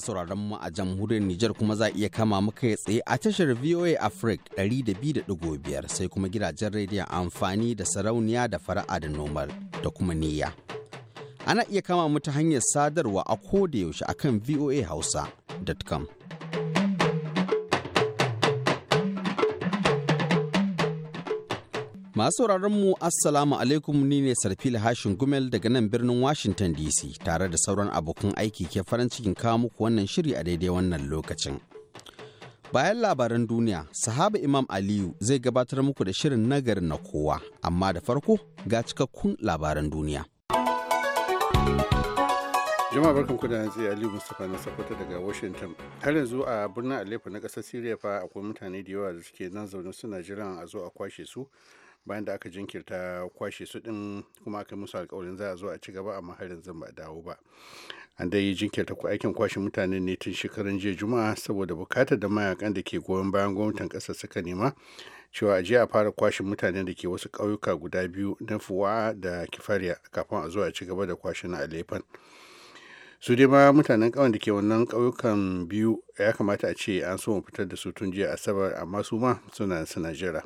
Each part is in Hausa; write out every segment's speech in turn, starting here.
sauraron mu a jamhuriyar Nijar kuma za iya kama muka ya tsaye a tashar VOA Africa 200.5 sai kuma gidajen rediyon amfani da sarauniya da fara'a da nomal da kuma niyya. Ana iya kama mu ta hanyar sadarwa a koda yaushe akan voahausa.com. Masu mu Assalamu alaikum ni ne Sarfila Hashin Gumel daga nan birnin Washington DC tare da sauran abokan aiki ke farin cikin kawo muku wannan shiri a daidai wannan lokacin. Bayan labaran duniya, sahaba Imam Aliyu zai gabatar muku da shirin nagari na kowa, amma da farko ga cikakkun labaran duniya. jama'a barkan ku da hantsi ali mustapha na sakwata daga washington har yanzu a birnin aleppo na kasar syria fa akwai mutane da yawa da suke nan zaune suna jiran a zo a kwashe su bayan da aka jinkirta kwashe su din kuma aka musu alkawarin za a zo a ci gaba amma harin zan ba dawo ba an dai jinkirta aikin kwashe mutane ne tun shekarun jiya juma'a saboda bukatar da mayakan da ke goyon bayan gwamnatin kasar suka nema cewa a jiya a fara kwashe mutanen da ke wasu ƙauyuka guda biyu na fuwa da kifariya kafin a zo a ci gaba da kwashe na alefan su dai ma mutanen kawai da ke wannan ƙauyukan biyu ya kamata a ce an so mu fitar da su tun jiya asabar amma su ma suna suna jira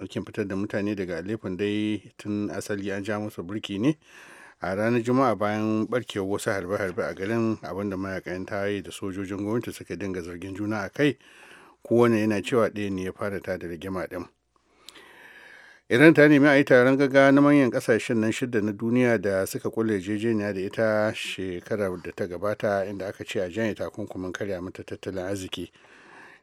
Mulkin fitar da mutane daga alifin dai tun asali an ja musu burki ne a ranar Juma'a bayan barkewar wasu harbe-harbe a garin abinda mayakan tayi da sojojin gwamnati suka dinga zargin juna a kai kowane yana cewa ɗaya ne ya fara ta da rigima ɗin. iran ta nemi a yi taron gaga na manyan ƙasashen nan shidda na duniya da suka kulle jejeniya da ita shekarar da ta gabata inda aka ce a janye takunkumin karya mata tattalin arziki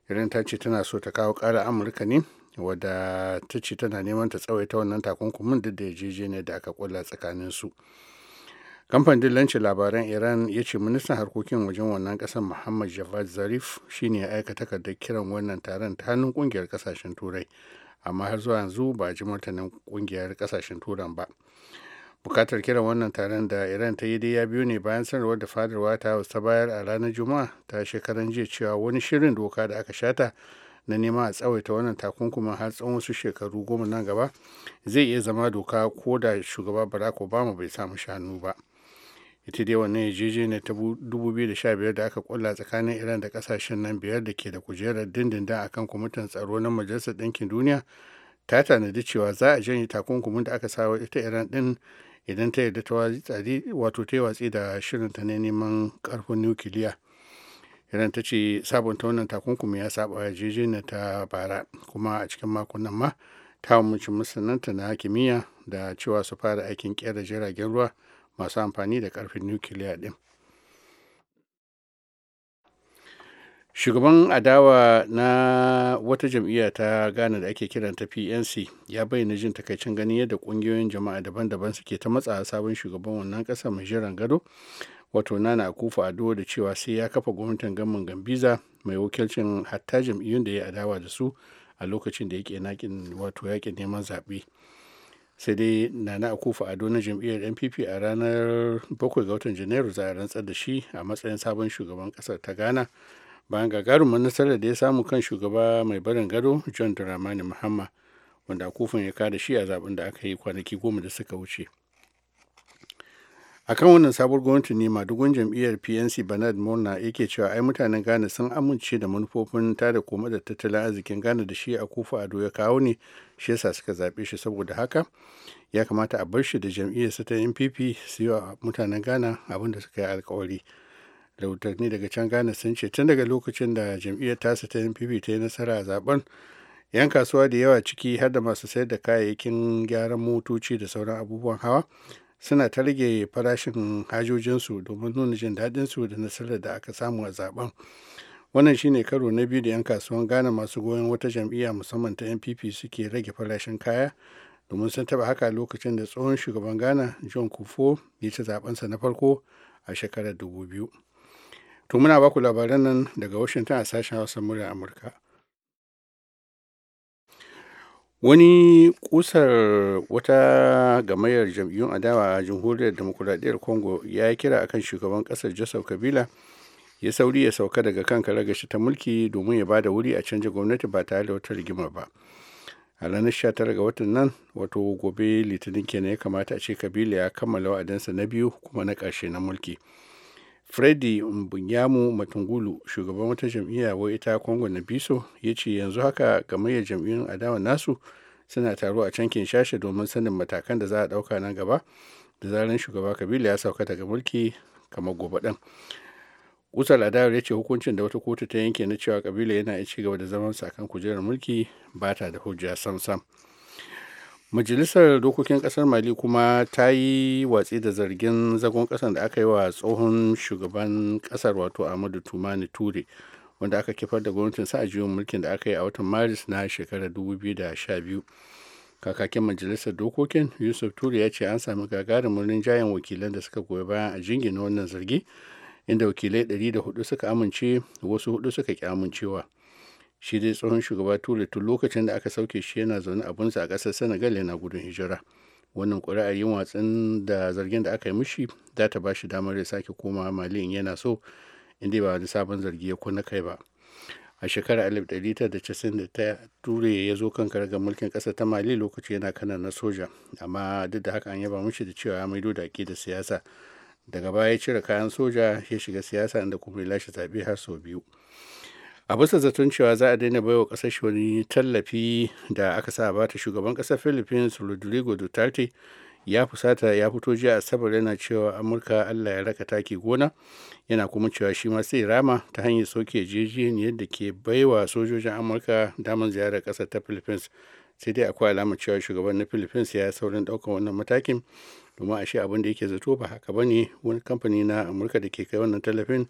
iran ta ce tana so ta kawo ƙara amurka ne wadda ta ce tana neman ta tsawaita wannan takunkumin duk da ne da aka kulla tsakanin su kamfanin dillancin labaran iran ya ce ministan harkokin wajen wannan kasar muhammad javad zarif shine ya aika takardar kiran wannan taron ta hannun kungiyar kasashen turai amma har zuwa yanzu ba ji martanin kungiyar kasashen turan ba bukatar kiran wannan taron da iran ta yi dai ya biyu ne bayan sanarwar da fadarwa ta ta bayar a ranar juma'a ta shekaran jiya cewa wani shirin doka da aka shata na nema a tsawaita wannan takunkumin har tsawon wasu shekaru goma na gaba zai iya zama doka ko da shugaba barack obama bai samu shanu ba ita dai wannan yarjejeniyar ta 2015 da aka kulla tsakanin iran da kasashen nan biyar da ke da kujerar dindindin kan kwamitin tsaro na majalisar ɗinkin duniya ta tanadi cewa za a janye takunkumin da aka sawa ita iran din idan ta yarda ta wato ta watsi da shirinta na neman karfin nukiliya iran ta ce sabunta wannan takunkumi ya saba yarjejeniyar ta bara kuma a cikin makonnan ma ta umarci masananta na kimiyya da cewa su fara aikin kera jiragen ruwa masu amfani da karfin nukiliya din shugaban adawa na wata jam'iyya ta ghana da ake kiranta pnc ya bayyana jin takaicin ganin yadda kungiyoyin jama'a daban-daban suke ta matsa sabon shugaban wannan kasa mai jiran gado wato nana kufa ado da cewa sai ya kafa gwamnatin gamman gambiza mai wakilcin hatta jam'iyyun da ya adawa da su a lokacin da yake nakin wato yakin neman zaɓe sai dai nana akufa ado na jam'iyyar npp a ranar 7 ga watan janairu za a rantsar da shi a matsayin sabon shugaban kasar ta ghana bayan gagarumin nasarar da ya samu kan shugaba mai barin gado john dramani muhammad wanda akufan ya kada shi a zaben da aka yi kwanaki goma da suka wuce akan wannan sabuwar gwamnati ne madugun jam'iyyar pnc bernard murna yake cewa ai mutanen ghana sun amince da manufofin tada koma da tattalin arzikin ghana da shi a kofa ado ya kawo ne shi yasa suka zaɓe shi saboda haka ya kamata a bar shi da sa ta npp su yi mutanen ghana abin da suka yi alkawari rahotanni daga can ghana sun ce tun daga lokacin da jam'iyyar tasa ta npp ta yi nasara a zaben yan kasuwa da yawa ciki har da masu sayar da kayayyakin gyaran motoci da sauran abubuwan hawa suna ta rage farashin hajojinsu domin nuna jin daɗinsu da nasarar da aka samu a zaben wannan shine karo na biyu da 'yan kasuwan ghana masu goyon wata jam'iyya musamman ta npp suke rage farashin kaya domin sun taɓa haka lokacin da tsohon shugaban ghana john kufo ya ci zabensa na farko a shekarar 2000 to muna baku labaran nan daga washington a sashen hausa murya amurka wani kusar wata gamayyar jam'iyyun adawa a jamhuriyar demokuraɗiyyar congo ya yi kira akan shugaban ƙasar joseph kabila ya sauri ya sauka daga kan karagashi ta mulki domin ya bada wuri a canja gwamnati ba tare da wata rigima ba a ranar 19 ga watan nan wato gobe litinin kenan ya kamata a ce kabila ya kammala wa'adansa na biyu kuma na ƙarshe na mulki Freddy Mbunyamu Matungulu shugaban wata jam'iyya wai ita Kongo na Biso ya ce yanzu haka gamayyar jam'iyyun adawa nasu suna taro a can shashe domin sanin matakan da za a ɗauka nan gaba da zaran shugaba Kabila ya sauka daga mulki kamar gobe ɗan Usal Adawar ya ce hukuncin da wata kotu ta yanke na cewa Kabila yana ci gaba da zaman sakan kujerar mulki ba ta da hujja sam sam. majalisar dokokin Ƙasar mali kuma ta yi watsi da zargin zagon ƙasar da aka yi wa tsohon shugaban ƙasar wato Ahmadu tumani ture wanda aka kifar da gwamnatin sa juyin mulkin da aka yi a watan maris na shekarar 2012 kakakin majalisar dokokin yusuf ture ya ce an sami gagarin murnin rinjayen wakilan da suka goyi bayan a jingina wannan zargi inda wakilai 104 suka amince wasu hudu suka ki amincewa shi dai tsohon shugaba tule tun lokacin da aka sauke shi yana zaune bunsa a ƙasar senegal yana gudun hijira wannan kuri'ar yin watsin da zargin da aka yi mishi za ta ba shi damar ya sake koma mali in yana so inda ba wani sabon zargi ya kuna kai ba a shekarar 1991 ture ya zo kan karagar mulkin kasa ta mali lokaci yana kanan na soja amma duk da haka an yaba mishi da cewa ya maido da ake da siyasa daga baya ya cire kayan soja ya shiga siyasa inda kuma ya lashe zaɓe har sau biyu a bisa zaton cewa za a daina baiwa kasar wani tallafi da aka sa bata shugaban kasar philippines rodrigo duterte ya fusata ya fito jiya asabar yana cewa amurka allah ya raka taki gona yana kuma cewa shi ma sai rama ta hanyar soke jejeniyar yadda ke baiwa sojojin amurka damar ziyarar kasar ta philippines sai dai akwai alamar cewa shugaban na philippines ya saurin ɗaukar wannan matakin domin ashe shi abin da yake zato ba haka ba ne wani kamfani na amurka da ke kai wannan tallafin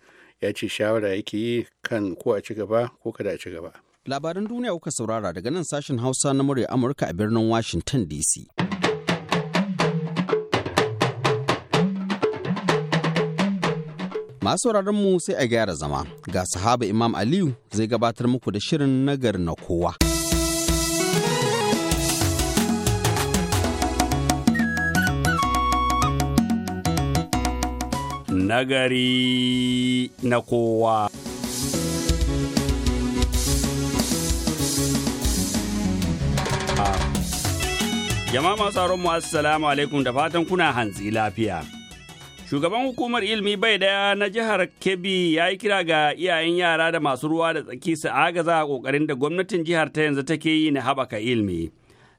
ya ce shawara yake yi kan ko a ci gaba ko kada a ci gaba labaran duniya kuka saurara daga nan sashen hausa na murya amurka a birnin washington dc masu mu sai a gyara zama ga sahaba imam aliyu zai gabatar muku da shirin nagar na kowa. nagari na kowa. Jama'a masu mu assalamu alaikum da fatan kuna hantsi lafiya. Shugaban hukumar ilmi bai daya na jihar Kebbi ya yi kira ga iyayen yara da masu ruwa da tsaki su agaza a ƙoƙarin da gwamnatin jihar ta yanzu take yi na haɓaka ilmi.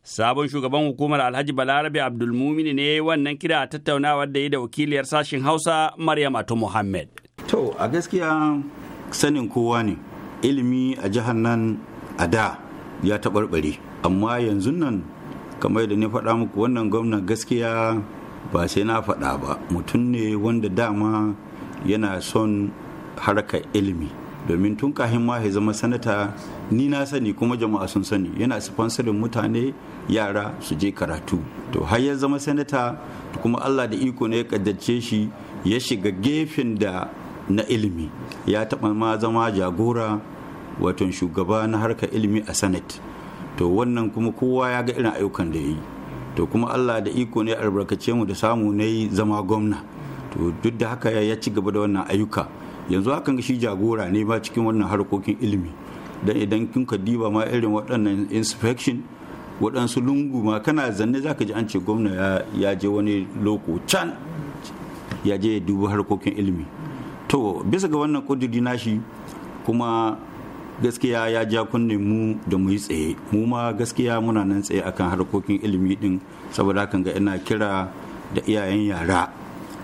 Sabon shugaban hukumar Alhaji Balarabe Abdulmumini ne wannan kira a tattaunawar da yi da wakiliyar sashen Hausa Maryam Ato Muhammad. To a gaskiya sanin kowa ne ilimi a jihar nan a da ya taɓarɓare amma yanzu nan kamar da ni faɗa muku wannan gwamnan gaskiya ba sai na faɗa ba mutum ne wanda dama yana son harkar ilimi domin tun kahin ma ya zama sanata ni na sani kuma jama'a sun sani yana sponsorin mutane yara su je karatu to har ya zama sanata kuma allah da iko ne ya kaddace shi ya shiga gefen da na ilimi ya taɓa ma zama jagora watan shugaba na harkar ilimi a senate to wannan kuma kowa ya ga irin ayyukan da ya yi to kuma allah da iko ne albarkace mu da samu na yi zama gwamna to duk da haka ya ci gaba da wannan ayyuka yanzu hakan shi jagora ne ba cikin wannan harkokin ilimi dan idan kinka diba ma irin waɗannan inspection waɗansu lungu ma kana zanne ka ji an ce gwamna ya je wani loko can ya je ya dubi harkokin ilimi to bisa ga wannan kudiri nashi kuma gaskiya ya ja kunne mu da mu yi tsaye mu ma gaskiya muna nan tsaye akan harkokin ilimi din saboda hakan ga ina kira da iyayen yara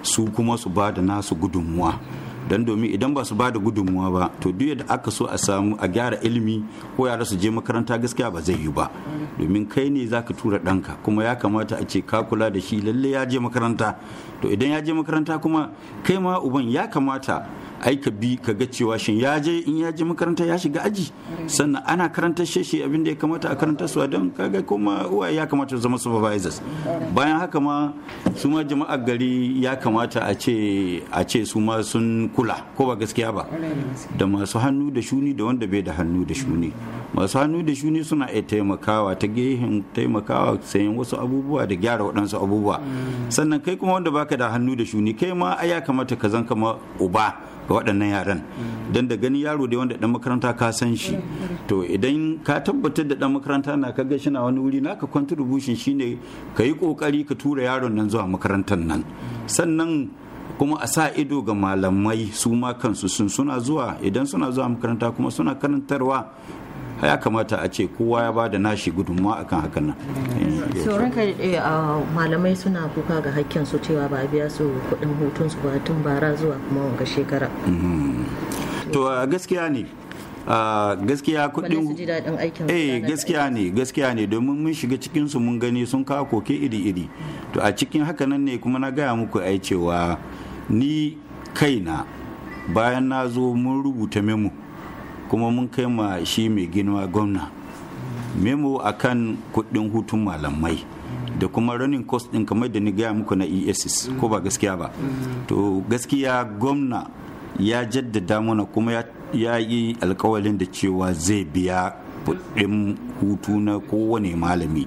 su kuma su ba da nasu gudunmuwa don domin idan ba su ba da gudunmuwa ba to duk yadda aka so a samu a gyara ilimi ko yara su je makaranta gaskiya ba zai yi ba domin kai ne za ka tura ɗanka kuma ya kamata a ce ka kula da shi lalle ya je makaranta to idan ya je makaranta kuma kai ma uban ya kamata ai ka bi ka ga cewa shin ya je in ya je makaranta ya shiga aji sannan ana karanta sheshe abin ya kamata a karanta su don ga kuma uwa ya kamata zama supervisors bayan haka ma su ma jama'ar gari ya kamata a ce a ce su ma sun kula ko ba gaskiya ba da masu hannu da shuni da wanda bai da hannu da shuni masu hannu da shuni suna iya taimakawa ta gehen taimakawa sayan wasu abubuwa da gyara waɗansu abubuwa sannan kai kuma wanda baka da hannu da shuni kai ma ya kamata ka zan kama uba ga waɗannan yaran don da gani yaro dai wanda ɗan makaranta ka san shi to idan ka tabbatar da ɗan makaranta na ka gashi na wani wuri naka contribution shine ka yi kokari ka tura yaron nan zuwa makarantar nan sannan kuma a sa ido ga malamai su ma kansu sun suna zuwa idan suna zuwa makaranta kuma suna karantarwa ya kamata a ce kowa ya ba da nashi gudunmawa akan hakan nan tsoron ka uh, malamai suna kuka ga hakkin su cewa ba a biya su kuɗin hutun su ba tun bara zuwa kuma wanga shekara hmm. to uh, gaskiya ne uh, gaskiya kudin eh gaskiya ne gaskiya ne domin mun shiga cikinsu mun gani sun kawo koke iri-iri to a cikin haka nan ne kuma na gaya muku ai cewa ni kaina bayan na zo mun rubuta memu kuma mun kai ma shi mai girma gwamna memo akan kuɗin hutun malamai da kuma running cost ɗin kamar da ni gaya muku na ESS ko ba gaskiya ba to gaskiya gwamna ya jaddada mana kuma ya yi alkawalin da cewa zai biya kuɗin hutu na kowane malami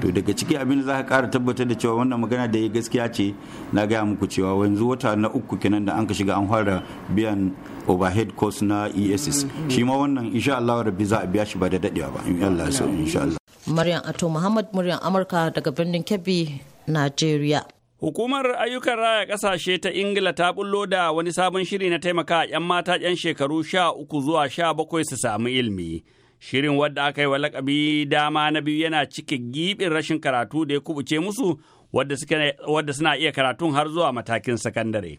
to daga ciki abin za ka kara tabbatar da cewa wannan magana da ya gaskiya ce na gaya muku cewa yanzu wata na uku kenan da an ka shiga an fara biyan overhead cost na ess shi ma wannan insha Allah rabbi za a biya shi ba da dadewa ba in Allah so insha Allah Maryam Ato Muhammad Maryam Amurka daga birnin Kebbi Nigeria Hukumar ayyukan raya kasashe ta Ingila ta bullo da wani sabon shiri na taimaka 'yan mata 'yan shekaru sha uku zuwa sha bakwai su samu ilimi. Shirin wadda aka yi wa lakabi dama na biyu yana cike giɓin rashin karatu da ya kubuce musu wadda suna iya karatun har zuwa matakin sakandare.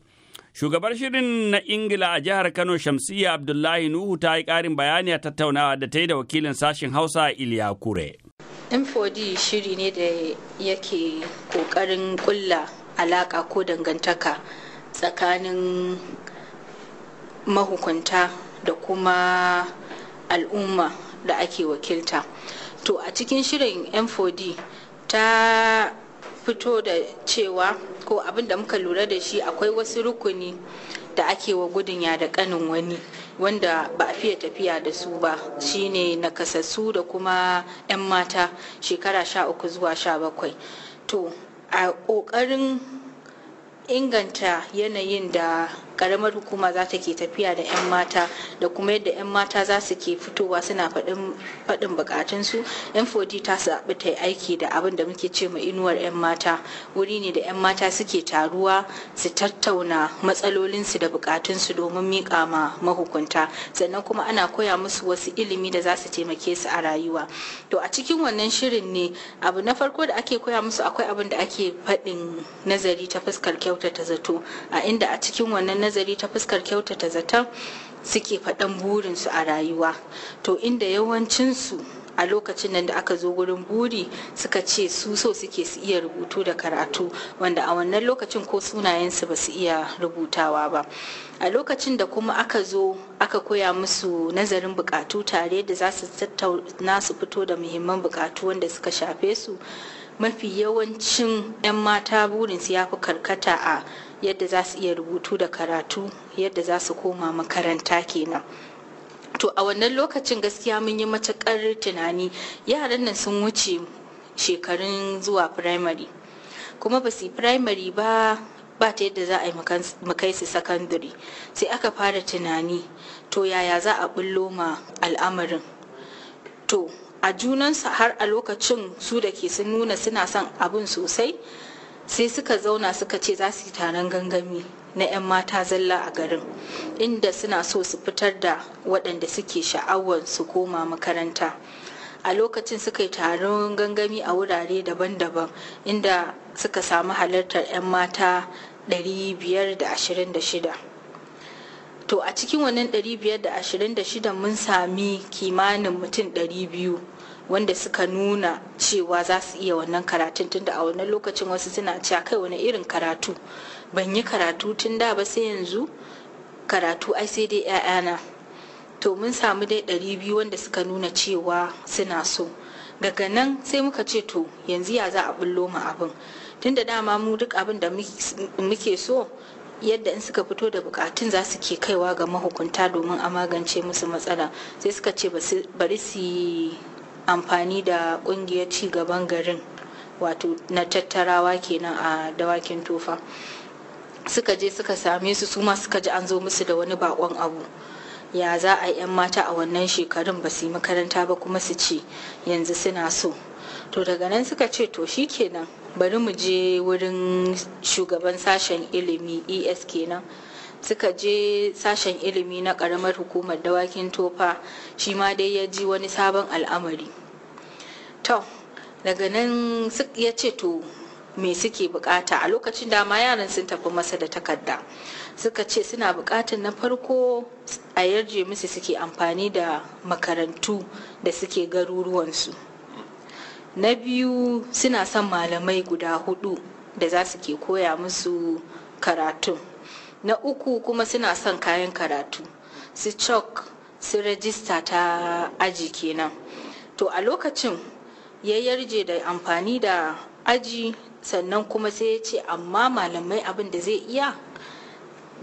Shugabar shirin na Ingila a jihar Kano Shamsiyya Abdullahi Nuhu ta yi ƙarin bayani a tattaunawa da ta yi da wakilin sashen Hausa Iliya Kure. M4D shiri ne da yake ƙoƙarin ƙulla alaƙa ko dangantaka tsakanin mahukunta da kuma al'umma da ake wakilta to a cikin shirin m4d ta fito da cewa ko abin da muka lura da shi akwai wasu rukuni da ake wa gudun ya da kanin wani wanda ba a fiye tafiya da su ba shine nakasassu da kuma 'yan mata shekara 13 zuwa 17 to a ƙoƙarin inganta yanayin da karamar hukuma za ta ke tafiya da 'yan mata da kuma yadda 'yan mata za su ke fitowa suna faɗin bukatunsu m4d ta zaɓi ta yi aiki da abin da muke ce ma inuwar 'yan mata wuri ne da 'yan mata suke taruwa su tattauna matsalolinsu da bukatunsu domin miƙa ma mahukunta sannan kuma ana koya musu wasu ilimi da za su taimake su a rayuwa to a cikin wannan shirin ne abu na farko da ake koya musu akwai abin da ake faɗin nazari ta fuskar kyautata zato a inda a cikin wannan nazari ta fuskar kyautata zaton suke faɗan burinsu a rayuwa to inda yawancinsu a lokacin nan da aka zo wurin buri suka ce su so suke su iya rubutu da karatu wanda a wannan lokacin ko sunayensu ba su iya rubutawa ba a lokacin da kuma aka zo aka koya musu nazarin bukatu tare da za su tattauna su fito da muhimman bukatu wanda suka shafe su mafi yawancin 'yan mata burinsu ya fi karkata a yadda za su iya rubutu da karatu yadda za su koma makaranta kenan to a wannan lokacin gaskiya mun yi matukar tunani yaran nan sun wuce shekarun zuwa primary kuma ba su primary ba ba ta yadda za a yi makai su secondary sai aka fara tunani to yaya za a bullo ma al'amarin to a junansu har a lokacin su da ke sun nuna suna son abin sosai sai suka zauna suka ce za su yi taron gangami na 'yan mata zalla a garin inda suna so su fitar da waɗanda suke sha'awar su koma makaranta a lokacin suka yi taron gangami a wurare daban-daban inda suka samu halartar 'yan mata 526 to a cikin wannan 526 mun sami kimanin mutum 200 wanda suka nuna cewa za su iya wannan karatun tunda a wannan lokacin wasu suna cewa kai wani irin karatu ban yi karatu tun da ba sai yanzu karatu ai sai dai 'ya'yana to mun samu dai ɗari biyu wanda suka nuna cewa suna so daga nan sai muka ce to yanzu ya za a bullo mu abin tunda dama mu duk abin da muke so yadda in suka fito da bukatun za su ke kaiwa ga mahukunta domin a magance musu matsala sai suka ce bari su amfani da kungiyar ci gaban garin wato na tattarawa kenan a dawakin tofa suka je suka same su su ma suka ji an zo musu da wani bakon abu ya za a 'yan mata a wannan shekarun ba su yi makaranta ba kuma su ce yanzu suna so to daga nan suka ce to shi kenan bari mu je wurin shugaban sashen ilimi es kenan suka je sashen ilimi na karamar hukumar dawakin tofa shi ma dai ya ji wani sabon al'amari to daga nan ya ce to me suke bukata a lokacin dama yaran sun tafi masa da takarda suka ce suna bukatar na farko a yarje musu suke amfani da makarantu da suke garuruwansu na biyu suna son malamai guda hudu da za su ke koya musu karatun na uku kuma suna son kayan karatu su chalk su rajista ta aji kenan to a lokacin ya yarje da amfani da aji sannan kuma sai ya ce amma malamai abin da zai iya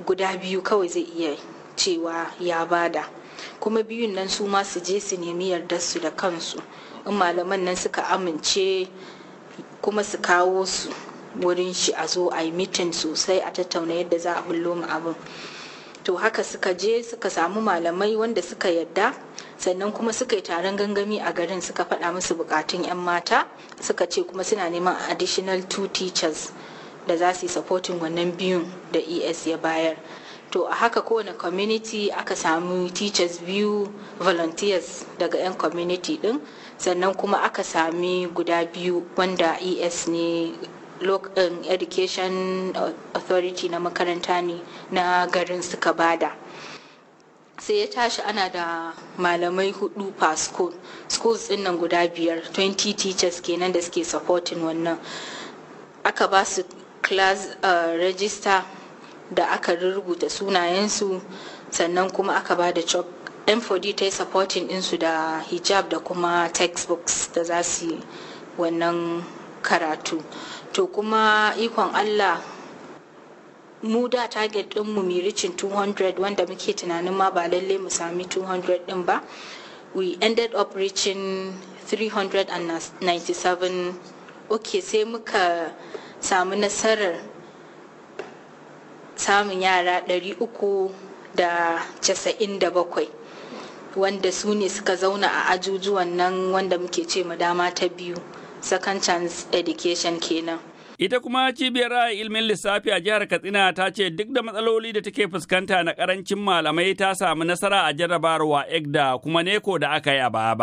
guda biyu kawai zai iya cewa ya bada kuma biyun nan su ma su je su nemi yardarsu da kansu in malaman nan suka amince kuma su kawo su wurin shi a zo a yi mitin sosai a tattauna yadda za a bullo mu abin to haka suka je suka samu malamai wanda suka yadda sannan kuma suka yi taron gangami a garin suka faɗa musu bukatun 'yan mata suka ce kuma suna neman additional two teachers da za su yi supporting wannan biyun da es ya bayar to a haka kowane community aka samu teachers biyu volunteers daga 'yan community din sannan kuma aka sami guda biyu wanda es ne Um, education authority na makaranta ne na garin suka bada sai ya tashi ana da malamai hudu per school schools din nan guda biyar 20 teachers kenan da suke supporting wannan aka ba su class uh, register da aka rubuta sunayensu sannan kuma aka ba da chalk m4d ta supporting insu da hijab da kuma textbooks da za su yi wannan karatu to kuma ikon allah mu da target ɗinmu mai ricin 200 wanda muke tunanin ma ba lalle mu sami 200 ɗin ba we ended up reaching 397 ok sai muka samu nasarar samun yara da da bakwai. wanda su ne suka zauna a ajujuwan nan wanda muke ce dama ta biyu second chance education kenan Ita kuma cibiyar ilimin lissafi a jihar Katsina ta ce duk da matsaloli da take fuskanta na karancin malamai ta samu nasara a jarrabarwa EGDA kuma neko da aka yi a baya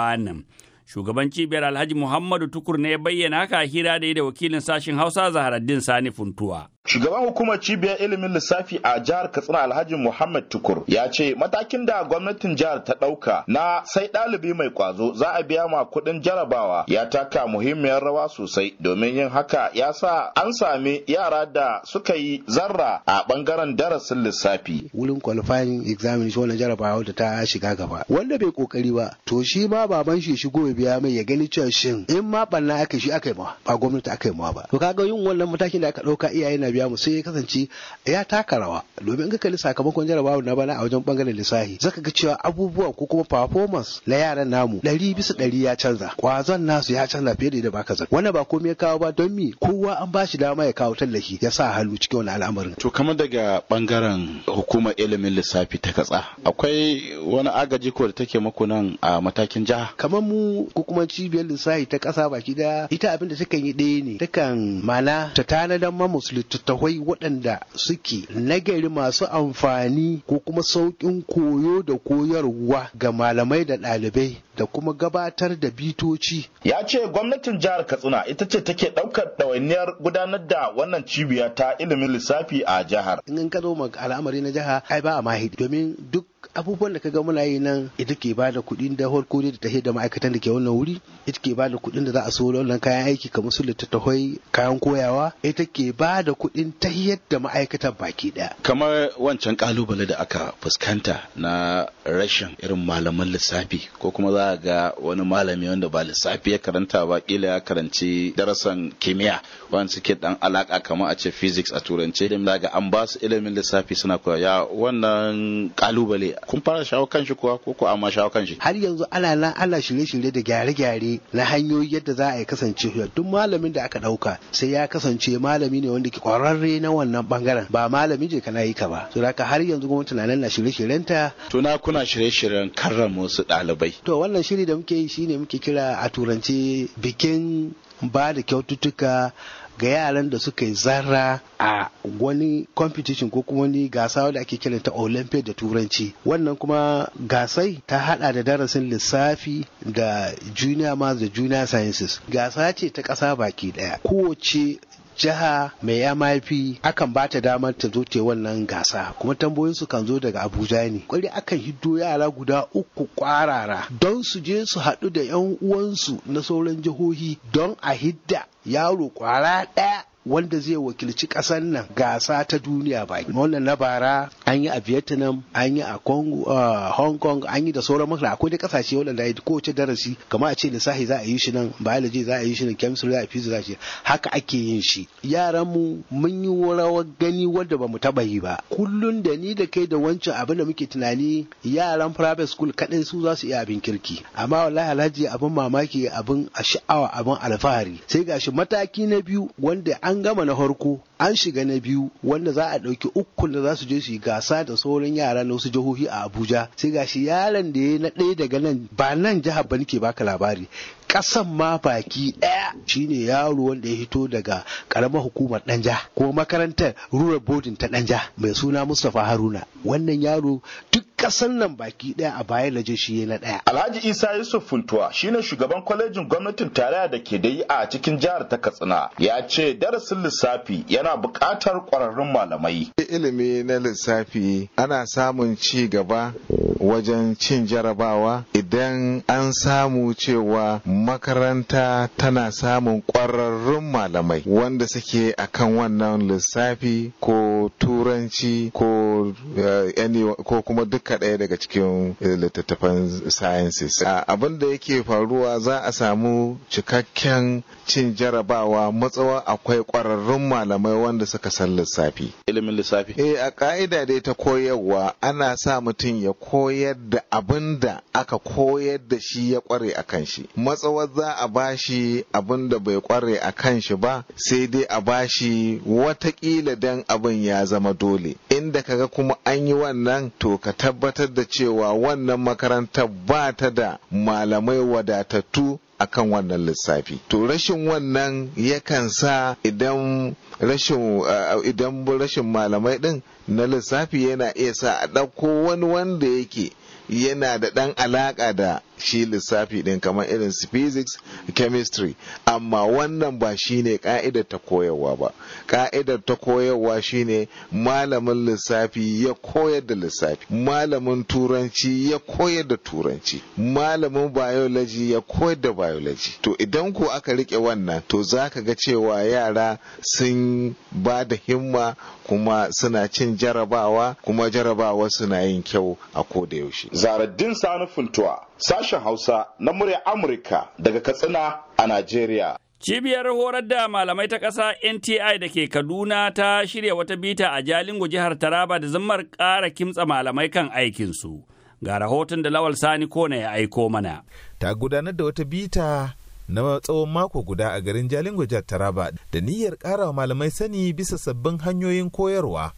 Shugaban cibiyar Alhaji Muhammadu Tukur ne ya bayyana haka hira da yi da wakilin sashen Hausa Zaharaddin Sani Funtuwa. Shugaban hukumar cibiyar ilimin lissafi a jihar Katsina Alhaji Muhammad Tukur ya ce matakin da gwamnatin jihar ta ɗauka na sai ɗalibi mai kwazo za a biya ma kuɗin jarabawa ya taka muhimmiyar rawa sosai domin yin haka ya sa an sami yara da suka yi zarra a ɓangaren darasin lissafi. Wurin qualifying examination wannan jarabawa da ta shiga gaba. Wanda bai kokari ba to shi ma baban shi shigo ya biya mai ya gani cewa shin in ma ɓanna aka shi aka yi ma ba gwamnati aka yi ma ba. To kaga yin wannan matakin da aka ɗauka iyaye na biya biya mu sai ya kasance ya taka rawa domin in ka kalli sakamakon jarabawar na bana a wajen bangaren lissafi zaka ga cewa abubuwa ko kuma performance na yaran namu ɗari bisa ɗari ya canza kwazon nasu ya canza fiye da baka zato wannan ba komai ya kawo ba don mi kowa an bashi dama ya kawo tallafi ya sa hannu cikin wani al'amarin to kamar daga bangaren hukumar ilimin lissafi ta katsa akwai wani agaji ko da take maku nan a matakin jiha kamar mu ko kuma cibiyar lissafi ta kasa baki da ita abin da takan yi ɗaya ne takan mana ta tanadan musulunci. littattafai waɗanda suke nagari masu amfani ko kuma sauƙin koyo da koyarwa ga malamai da ɗalibai da kuma gabatar da bitoci. Ya ce gwamnatin jihar Katsina ita ce take ɗaukar ɗawainiyar gudanar da wannan cibiya ta ilimin lissafi a jihar. In ka zo al'amari na jiha ai ba a mahidi domin duk abubuwan da kaga muna yi nan ita ke ba da kuɗin da ne da ta da ma'aikatan da ke wannan wuri ita ke ba da kuɗin da za a so wannan kayan aiki kamar su littattafai kayan koyawa ita ke ba da kuɗin ta da ma'aikatan baki ɗaya. kamar wancan kalubale da aka fuskanta na rashin irin malaman lissafi ko kuma za ga wani malami wanda ba lissafi ya karanta ba kila ya karanci darasan kimiyya wanda suke dan alaka kamar a ce physics a turance ilim ga an ba su ilimin lissafi suna koya ya wannan kalubale kun fara shawo kanshi kuwa ko ko amma shawo kanshi har yanzu ana nan ana shirye-shirye da gyare-gyare na hanyoyi yadda za a yi kasance duk malamin da aka dauka sai ya kasance malami ne wanda ke kwararre na wannan bangaren ba malami je kana yi ka ba to haka har yanzu gwamnati na nan na shirye ta to na kuna shirye-shiryen karrama su ɗalibai to wannan wannan shiri da muke yi shine muke kira a turance bikin ba da kyaututtuka ga yaran da suka yi zarra a wani competition ko kuma wani gasa wanda ake ta olympic da turanci wannan kuma gasai ta hada da darasin lissafi da junior maths da junior sciences gasa ce ta kasa baki daya kowace jiha mai MIP akan ba ta damar ta zo ta wannan gasa kuma tambayoyin su kan zo daga Abuja ne kwari akan hiddo yara guda uku kwarara don su je su haɗu da yan uwansu na sauran jihohi don a hidda yaro kwara ɗaya wanda zai wakilci ƙasar nan gasa ta duniya ba. wannan na bara an yi a vietnam an yi a uh, hong kong an yi da sauran makara akwai dai kasashe waɗanda ko kowace darasi kama a ce lissafi za a yi shi nan biology za a yi shi nan chemistry za a yi za a yi haka ake yin shi yaran mu mun yi rawar gani wanda ba mu taɓa yi ba Kullum da ni da kai da wancan abin da muke tunani yaran private school kaɗai su za su iya abin kirki amma wallahi alhaji abin mamaki abin sha'awa abin alfahari sai gashi mataki na biyu wanda an gama na farko an shiga na biyu wanda za a ɗauki ukun da za su je su yi gasa da sauran yara na wasu jihohi a abuja sai gashi yaron da ya na ɗaya daga nan ba nan jihar ba nike baka labari ƙasan ma baki ɗaya shine yaro wanda ya hito daga karamar hukumar Danja ko makarantar rural boarding ta Danja mai suna Mustapha Haruna wannan yaro duk ƙasan nan baki ɗaya a baya laje shi na ɗaya. Alhaji Isa Yusuf Funtuwa shine shugaban kwalejin gwamnatin tarayya da ke da yi a cikin jihar ta Katsina ya ce darasin lissafi yana buƙatar ƙwararrun malamai. Ilimi na lissafi ana samun ci gaba wajen cin jarabawa idan an samu cewa makaranta tana samun ƙwararrun malamai wanda suke akan wannan lissafi ko turanci ko eh, ko kuma duka ɗaya daga cikin eh, littattafan sciences abin da yake faruwa za a samu cikakken cin jarabawa matsawa akwai ƙwararrun malamai wanda suka san lissafi ilimin lissafi eh a ka'ida dai ta koyarwa ana sa mutum ya koya koyar da abin da aka koyar da shi ya kware a kan shi matsawar za a bashi abin da bai kware a kan shi ba sai dai a ba shi watakila dan abin ya zama dole inda kaga kuma an yi wannan to ka tabbatar da cewa wannan makarantar ba ta da malamai wadatattu akan wannan lissafi to rashin wannan yakan sa idan rashin eh, idan rashin malamai din na lissafi yana iya sa a ɗauko wani wanda yake yana da ɗan alaƙa da shi lissafi din kamar irin su physics chemistry amma wannan ba shine ka'idar ta koyarwa ba ka'idar ta koyarwa shine malamin lissafi ya koyar da lissafi malamin turanci ya koyar da turanci malamin biology ya koyar da biology to idan ku aka rike wannan to za ka ga cewa yara sun ba da himma kuma suna cin jarabawa kuma jarabawa suna yin kyau a koda yaushe zaraddin sani funtuwa sashen Hausa na murya Amurka daga Katsina a Najeriya. Cibiyar horar da malamai ta ƙasa NTI da ke Kaduna ta shirya wata bita a Jalingo jihar Taraba da zammar ƙara kimtsa malamai kan aikinsu. Ga rahoton da Lawal Sani Kona ya aiko mana. Ta gudanar da wata bita na tsawon mako guda a garin Jalingo jihar Taraba da niyyar ƙara malamai sani bisa sabbin hanyoyin koyarwa.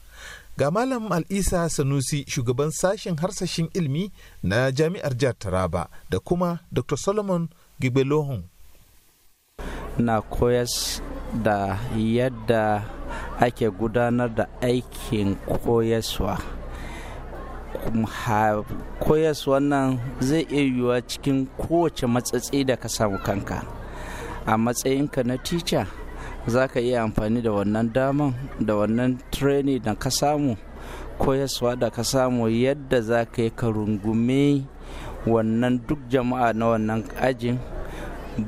Ga Malam Al'isa Sanusi shugaban sashen harsashin ilmi na jami'ar jihar Taraba da kuma Dr. Solomon Gibelohun. Na koyas da yadda ake gudanar da aikin koyaswa. koyaswa nan zai iya yiwuwa cikin kowace matsatsi da ka samu kanka a matsayinka na tica. za ka iya amfani da wannan daman da wannan training da ka samu koyaswa da ka samu yadda za ka yi ka rungume wannan duk jama'a na wannan ajin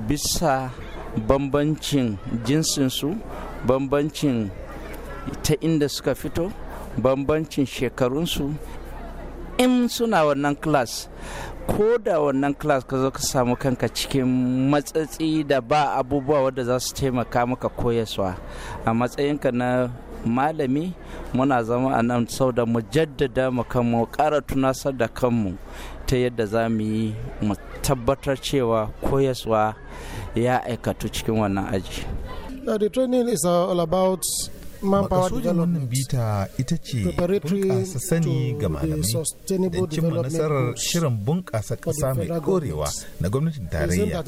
bisa bambancin jinsinsu bambancin ta inda suka fito bambancin shekarunsu in suna wannan class ko da wannan class ka zo ka samu kanka cikin matsatsi da ba abubuwa wadda za su taimaka maka koyaswa a matsayinka na malami muna zama a nan sau da mu jaddada mu kanmu ƙara tunasar da kanmu ta yadda za mu yi mu tabbatar cewa koyaswa ya aikatu cikin wannan aji. the training is all about Manpower bita ita ce bunƙasa sani ga malamai don cimma nasarar shirin bunƙasa ƙasa mai korewa na gwamnatin tarayya.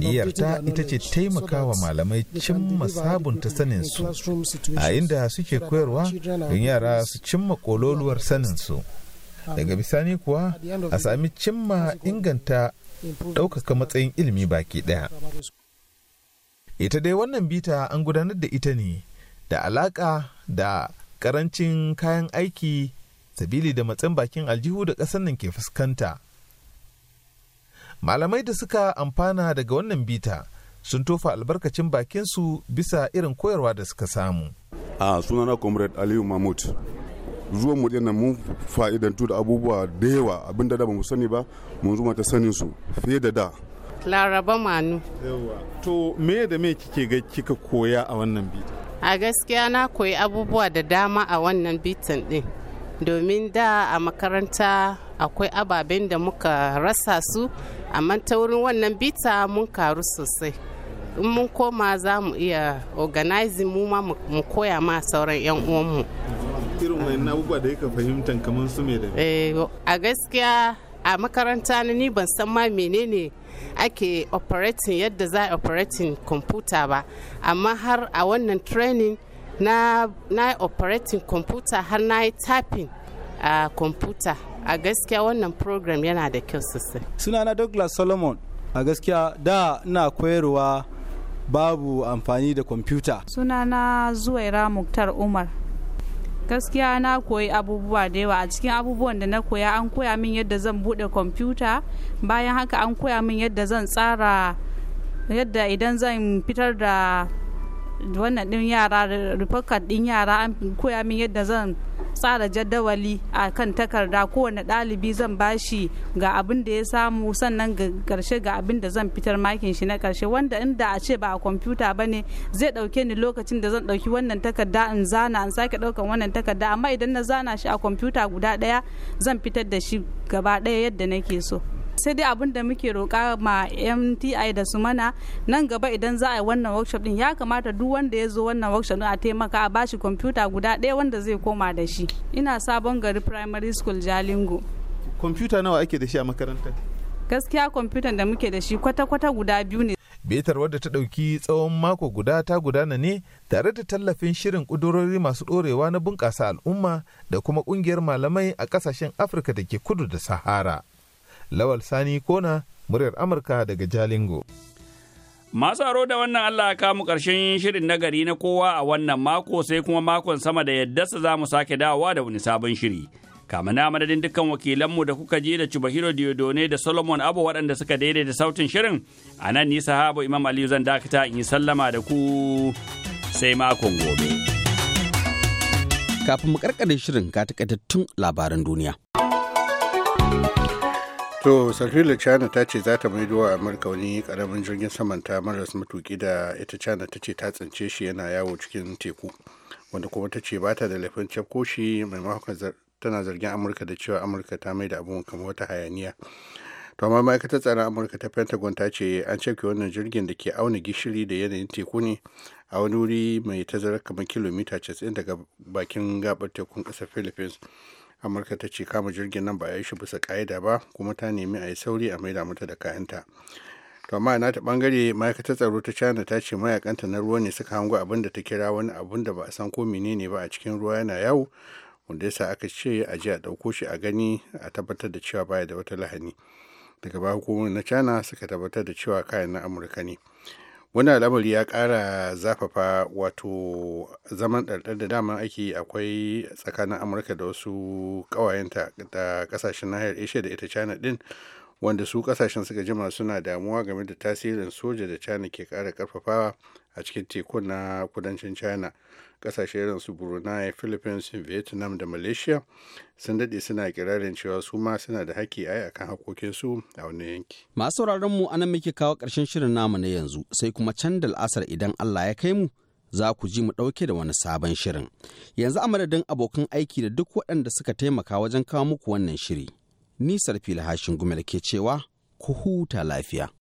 Niyyarta ita ce taimakawa malamai cimma sabunta saninsu a inda suke koyarwa don yara su cimma kololuwar saninsu. Daga bisani kuwa a sami cimma inganta ɗaukaka matsayin ilimi baki ɗaya. Ita dai wannan bita an gudanar da ita ne. da alaƙa da ƙarancin kayan aiki sabili da matsin bakin aljihu da ƙasar nan ke fuskanta. Malamai da suka amfana daga wannan bita sun tofa albarkacin bakinsu bisa irin koyarwa da suka samu. A sunana Comrade Aliyu Mahmud, zuwan mu dinnan mun fa'idantu da abubuwa da yawa abin da mu sani ba mun zuma ta sanin su fiye da da. Laraba Manu. Yawa. To me da me kike ga kika koya a wannan bita? a gaskiya na koyi abubuwa da dama a wannan bitin din domin da a makaranta akwai ababen da muka rasa su amma ta wurin wannan bita mun karu sosai in mun koma za mu iya organizing mu ma mu koya ma sauran 'yan uwanmu irin wayan abubuwa da yaka fahimtan kamar su me da eh, a gaskiya a makaranta na ni ban san ma menene ake operating yadda za a operating computer ba amma har a wannan training na na operating computer har na yi tapping a computer a gaskiya wannan program yana da kyau sosai Suna na douglas solomon a gaskiya da na koyarwa babu amfani da kwamfuta na zuwaira muktar umar gaskiya na koyi abubuwa da yawa a cikin abubuwan da na koya an koya min yadda zan bude kwamfuta bayan haka an koya min yadda zan tsara yadda idan zan fitar da wannan din yara rufakar din yara an koya min yadda zan tsara jadawali a kan takarda kowane ɗalibi zan bashi ga abin da ya samu sannan ga karshe ga abin da zan fitar makin shi na karshe wanda inda a ce ba a kwamfuta ba ne zai ɗauke ni lokacin da zan ɗauki wannan takarda in zana in sake ɗaukan wannan takarda amma idan na zana shi a kwamfuta guda ɗaya zan fitar da shi gaba ɗaya yadda nake so. sai dai abin da muke roƙa ma mti da su mana nan gaba idan za a yi wannan workshop din ya kamata duk wanda ya zo wannan workshop din a taimaka a bashi kwamfuta guda ɗaya wanda zai koma da shi ina sabon gari primary school jalingo kwamfuta nawa ake da shi a makarantar gaskiya kwamfutan da muke da shi kwata-kwata guda biyu ne betar wadda ta ɗauki tsawon mako guda ta gudana ne tare da tallafin shirin kudurori masu ɗorewa na bunƙasa al'umma da kuma ƙungiyar malamai a ƙasashen afirka da ke kudu da sahara Lawal Sani Kona, muryar Amurka daga Jalingo. Masu aro da wannan Allah ka mu ƙarshen shirin nagari na kowa a wannan mako sai kuma makon sama da yaddarsa za mu sake dawowa da wani sabon shiri. Kama na madadin dukkan wakilanmu da kuka je da Cibahiro Diodone da Solomon Abu waɗanda suka daidaita sautin shirin, a nan ni habu Imam Aliyu zan dakata in yi sallama da ku sai makon gobe. Kafin mu ƙarƙare shirin ka takaitattun labaran duniya. to sarfila china ta ce za ta maido a amurka wani karamin jirgin saman ta maras matuki da ita china ta ce ta tsince shi yana yawo cikin teku wanda kuma ta ce ba ta da laifin cafko shi maimakon tana zargin amurka da cewa amurka ta mai da abun kamar wata hayaniya to amma ma'aikatar tsaron amurka ta pentagon ta ce an cafke wannan jirgin da ke auna gishiri da yanayin teku ne a wani wuri mai tazarar kamar kilomita 90 daga bakin gabar tekun kasar philippines amurka ta ce kama jirgin nan ba ya shi bisa ƙa'ida ba kuma ta nemi a yi sauri a maida mata da kayanta to amma na ta bangare ma'aikatar tsaro ta china ta ce mayakanta na ruwa ne suka hango abin da ta kira wani abun da ba a san ko menene ba a cikin ruwa yana yawo wanda yasa aka ce a ji a ɗauko shi a gani a tabbatar da cewa baya da wata lahani daga baya hukumomi na china suka tabbatar da cewa kayan na amurka ne wani al'amari ya kara zafafa wato zaman ɗarɗar da dama ake akwai tsakanin amurka da wasu ƙawayenta da ƙasashen nahiyar asia da ita china ɗin wanda su ƙasashen suka jima suna damuwa game da tasirin soja da china ke ƙara ƙarfafawa a cikin teku na kudancin china kasashe irin su brunei philippines vietnam da malaysia sun dade suna kirarin cewa su ma suna da haƙƙi ai akan haƙoƙinsu a wani yanki masu sauraron mu anan muke kawo ƙarshen shirin namu na yanzu sai kuma can da al'asar idan allah ya kai mu za ku ji mu ɗauke da wani sabon shirin yanzu a madadin abokan aiki da duk waɗanda suka taimaka wajen kawo muku wannan shiri ni sarfila hashin gumel ke cewa ku huta lafiya